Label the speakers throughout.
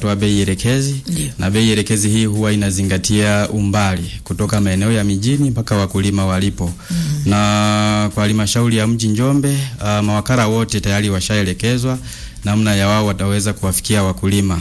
Speaker 1: Toa bei elekezi yeah. Na bei elekezi hii huwa inazingatia umbali kutoka maeneo ya mijini mpaka wakulima walipo. mm -hmm. Na kwa halmashauri ya mji Njombe, uh, mawakala wote tayari washaelekezwa namna ya wao wataweza kuwafikia wakulima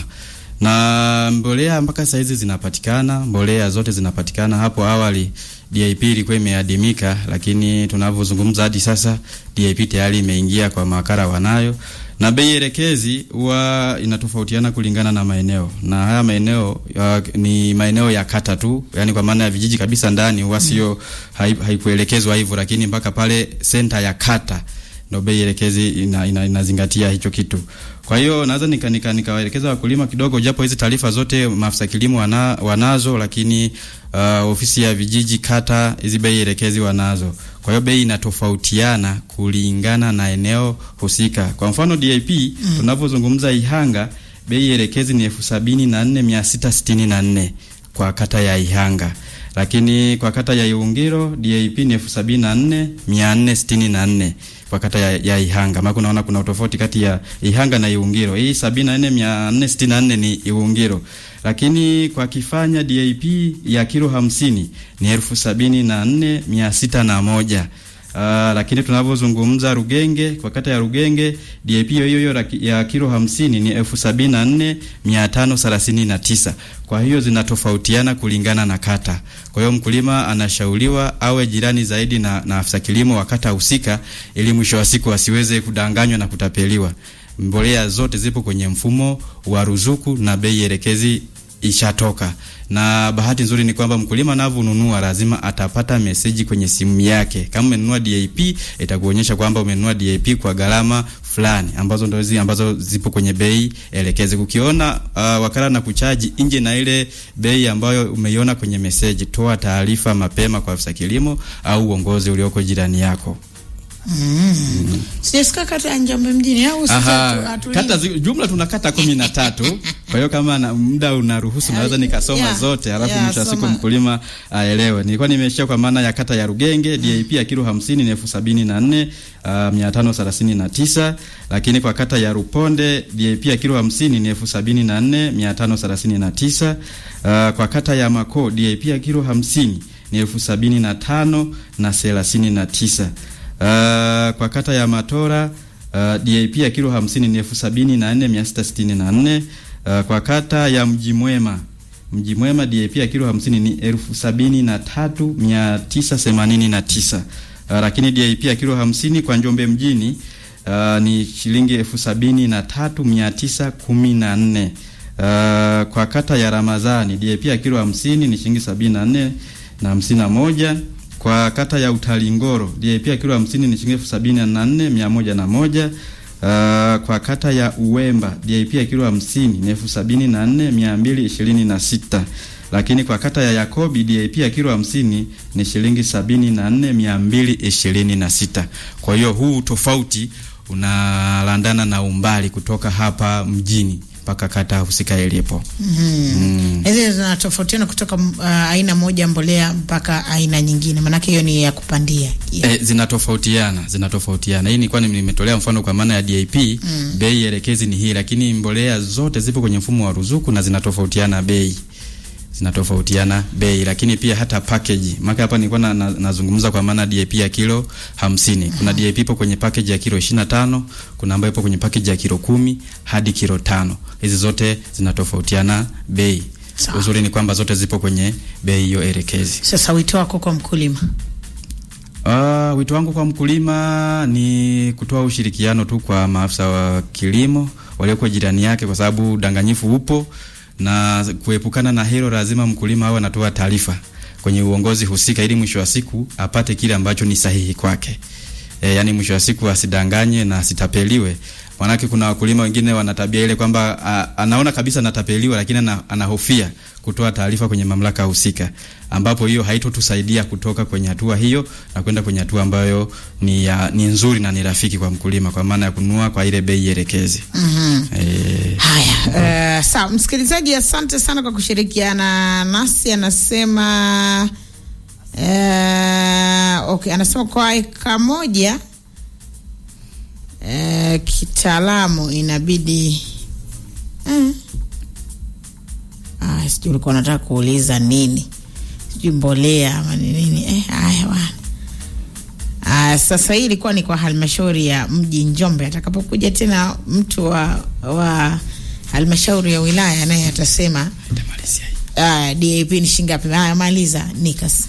Speaker 1: na mbolea mpaka saa hizi zinapatikana, mbolea zote zinapatikana. Hapo awali DIP ilikuwa imeadimika, lakini tunavyozungumza hadi sasa DIP tayari imeingia kwa mawakala wanayo na bei elekezi huwa inatofautiana kulingana na maeneo, na haya maeneo ya, ni maeneo ya kata tu, yani kwa maana ya vijiji kabisa ndani huwa mm. sio haikuelekezwa hai hivyo, lakini mpaka pale senta ya kata ndio bei elekezi inazingatia ina, ina, hicho kitu. Kwa hiyo naweza nika, nika, nika wakulima kidogo, japo hizi taarifa zote maafisa kilimo wana, wanazo, lakini uh, ofisi ya vijiji kata hizi bei elekezi wanazo. Kwa hiyo bei inatofautiana kulingana na eneo husika. Kwa mfano DIP mm. tunapozungumza Ihanga, bei elekezi ni elfu sabini na nne mia sita sitini na nne kwa kata ya Ihanga lakini kwa kata ya Iungiro DAP ni 74464 kwa kata ya, ya Ihanga. Maana kunaona kuna utofauti kati ya Ihanga na Iungiro. Hii 74464 ni Iungiro. Lakini kwa Kifanya DAP ya kilo 50 ni moja Uh, lakini tunavyozungumza Rugenge kwa kata ya Rugenge DAP hiyo hiyo ya kilo 50 ni elfu sabini na nne mia tano thelathini na tisa. Kwa hiyo zinatofautiana kulingana na kata. Kwa hiyo mkulima anashauriwa awe jirani zaidi na, na afisa kilimo wa kata husika ili mwisho wa siku asiweze kudanganywa na kutapeliwa. Mbolea zote zipo kwenye mfumo wa ruzuku na bei elekezi ishatoka na bahati nzuri ni kwamba mkulima anavyonunua lazima atapata meseji kwenye simu yake. Kama umenunua DAP itakuonyesha kwamba umenunua DAP kwa gharama fulani ambazo ndio hizi ambazo zipo kwenye bei elekezi. Ukiona uh, wakala na kuchaji nje na ile bei ambayo umeiona kwenye meseji, toa taarifa mapema kwa afisa kilimo au uongozi ulioko jirani yako.
Speaker 2: Mm. Mm. kata ya Njombe mjini au sasa,
Speaker 1: kata jumla tunakata kumi na tatu kwa hiyo kama na, muda unaruhusu naweza nikasoma yeah, zote alafu yeah, mwisho siku mkulima aelewe. Nilikuwa nimeishia kwa maana ya kata ya Rugenge mm. DAP ya kilo 50 ni elfu sabini uh, lakini kwa kata ya Ruponde DAP ya kilo 50 ni elfu uh, kwa kata ya Mako DAP ya kilo 50 ni elfu na tano na uh, kwa kata ya Matora uh, DAP ya kilo 50 ni elfu na Uh, kwa kata ya Mji Mwema Mji Mwema DAP ya kilo 50 ni elfu sabini na tatu mia tisa themanini na tisa uh, lakini DAP ya kilo 50 kwa Njombe mjini uh, ni shilingi elfu sabini na tatu mia tisa kumi na nne uh, kwa kata ya Ramadhani DAP ya kilo 50 ni shilingi sabini na nne na hamsini na moja kwa kata ya Utalingoro DAP ya kilo 50 ni shilingi elfu sabini na nne mia moja na moja Uh, kwa kata ya Uwemba DIP ya kilo hamsini ni elfu sabini na nne mia mbili ishirini na sita lakini kwa kata ya Yakobi DIP ya kilo hamsini ni shilingi sabini na nne mia mbili ishirini na sita. Kwa hiyo huu tofauti unalandana na umbali kutoka hapa mjini mpaka kata husika ilipo.
Speaker 2: Mm-hmm. Mm. Hizi zinatofautiana kutoka uh, aina moja mbolea mpaka aina nyingine. Maana hiyo ni ya kupandia.
Speaker 1: Yeah. Eh, zinatofautiana, zinatofautiana. Hii ni kwani nimetolea mfano kwa maana ya DAP, mm. Bei elekezi ni hii, lakini mbolea zote zipo kwenye mfumo wa ruzuku na zinatofautiana bei zinatofautiana bei, lakini pia hata package maka hapa nilikuwa na, na, nazungumza kwa maana DAP ya kilo hamsini. Kuna mm-hmm. DAP ipo kwenye package ya kilo 25, kuna ambayo ipo kwenye package ya kilo kumi hadi kilo tano. Hizi zote zinatofautiana bei. Uzuri ni kwamba zote zipo kwenye bei hiyo elekezi.
Speaker 2: Sasa wito wako kwa mkulima?
Speaker 1: Uh, wito wangu kwa mkulima ni kutoa ushirikiano tu kwa maafisa wa kilimo walioko jirani yake, kwa sababu danganyifu upo na kuepukana na hilo, lazima mkulima awe anatoa taarifa kwenye uongozi husika, ili mwisho wa siku apate kile ambacho ni sahihi kwake. E, yani mwisho wa siku asidanganye na asitapeliwe. Maanake kuna wakulima wengine wana tabia ile kwamba anaona kabisa anatapeliwa, lakini anahofia kutoa taarifa kwenye mamlaka husika, ambapo hiyo haitotusaidia kutoka kwenye hatua hiyo na kwenda kwenye hatua ambayo ni, ya, ni nzuri na ni rafiki kwa mkulima, kwa maana ya kununua kwa ile bei elekezi.
Speaker 2: mm -hmm. E, Haya, uh, sawa msikilizaji, asante sana kwa kushirikiana nasi. Anasema uh, okay, anasema kwa eka moja uh, kitaalamu inabidi uh, uh, sijui ulikuwa unataka kuuliza nini, sijui mbolea ama ni nini eh, haya bwana. Uh, sasa hii ilikuwa ni kwa halmashauri ya mji Njombe. Atakapokuja tena mtu wa, wa halmashauri ya wilaya naye atasema ah, DAP ni shilingi ngapi? Haya, ah, maliza nikas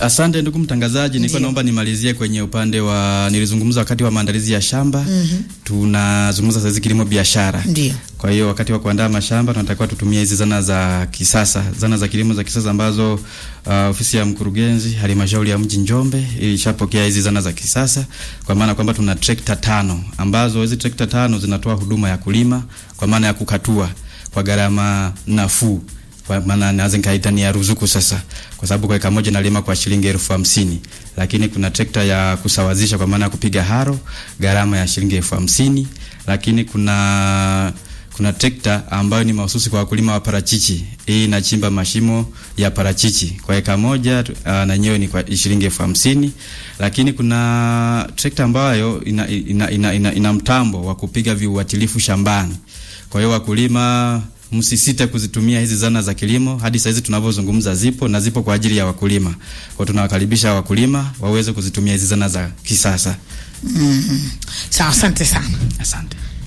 Speaker 1: Asante ndugu mtangazaji, nilikuwa naomba nimalizie kwenye upande wa nilizungumza wakati wa maandalizi ya shamba mm -hmm. Tunazungumza sasa kilimo biashara. Ndio. Kwa hiyo wakati wa kuandaa mashamba tunatakiwa tutumie hizi zana za kisasa, zana za kilimo za kisasa ambazo uh, ofisi ya mkurugenzi halmashauri ya mji Njombe ilishapokea hizi zana za kisasa, kwa maana kwamba tuna trekta tano ambazo hizi trekta tano zinatoa huduma ya kulima kwa maana ya kukatua kwa gharama nafuu kwa maana naanza nikaita ni ya ruzuku sasa, kwa sababu kwa eka moja nalima kwa shilingi elfu hamsini lakini kuna trekta ya kusawazisha kwa maana ya kupiga haro gharama ya shilingi elfu hamsini lakini kuna kuna trekta ambayo ni mahususi kwa wakulima wa parachichi. Hii inachimba mashimo ya parachichi kwa eka moja ah, na nyewe ni kwa shilingi elfu hamsini. Lakini kuna trekta ambayo ina, ina, ina, ina, ina mtambo wa kupiga viuatilifu shambani. Kwa hiyo wakulima msisite kuzitumia hizi zana za kilimo. Hadi sasa hizi tunavyozungumza zipo na zipo kwa ajili ya wakulima, kwa tunawakaribisha wakulima waweze kuzitumia hizi zana za kisasa.
Speaker 2: Mm. Sawa, asante sana, asante.